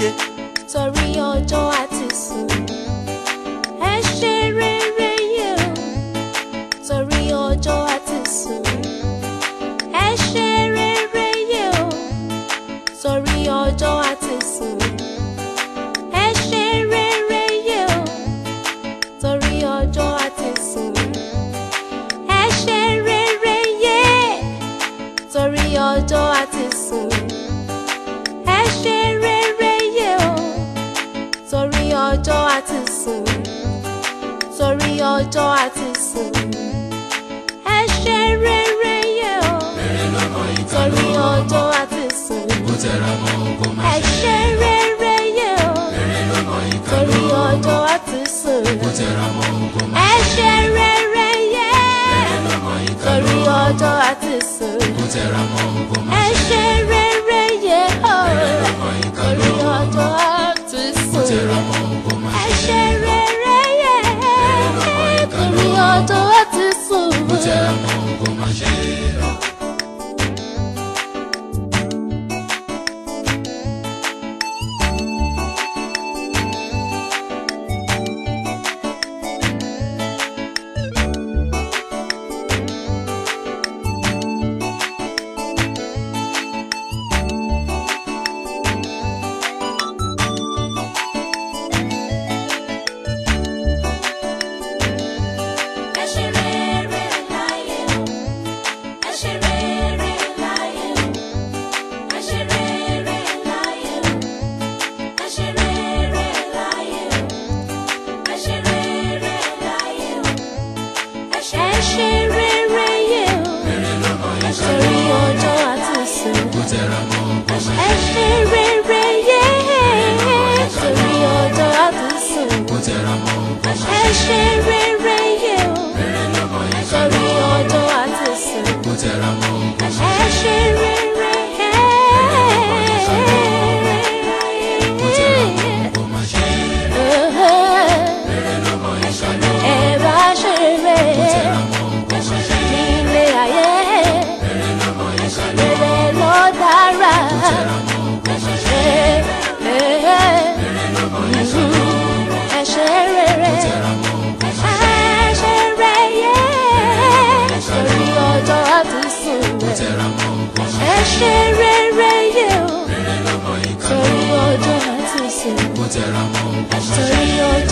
ṣe. torí ọjọ́ àti sùn ẹ ṣe rere yìí o torí ọjọ́ àti sùn ẹ ṣe rere yìí o torí ọjọ́ àti sùn ẹ ṣe rere yìí o torí ọjọ́ àti sùn ẹ ṣe rere yìí torí ọjọ́. ọjọ́ àti sùn torí ọjọ́ àti sùn ẹ ṣe rere yẹ o torí ọjọ́ àti sùn ẹ ṣe rere yẹ o torí ọjọ́ àti sùn ẹ ṣe rere yẹ torí ọjọ́ àti sùn ẹ ṣe rere. tẹra mọ́ kó má ṣe. ẹ ṣe rere yé torí ọjọ́ àtúnṣe. kó tẹra mọ́ kó o torí ọjọ́ àtúnṣe. kó tẹra Jésù.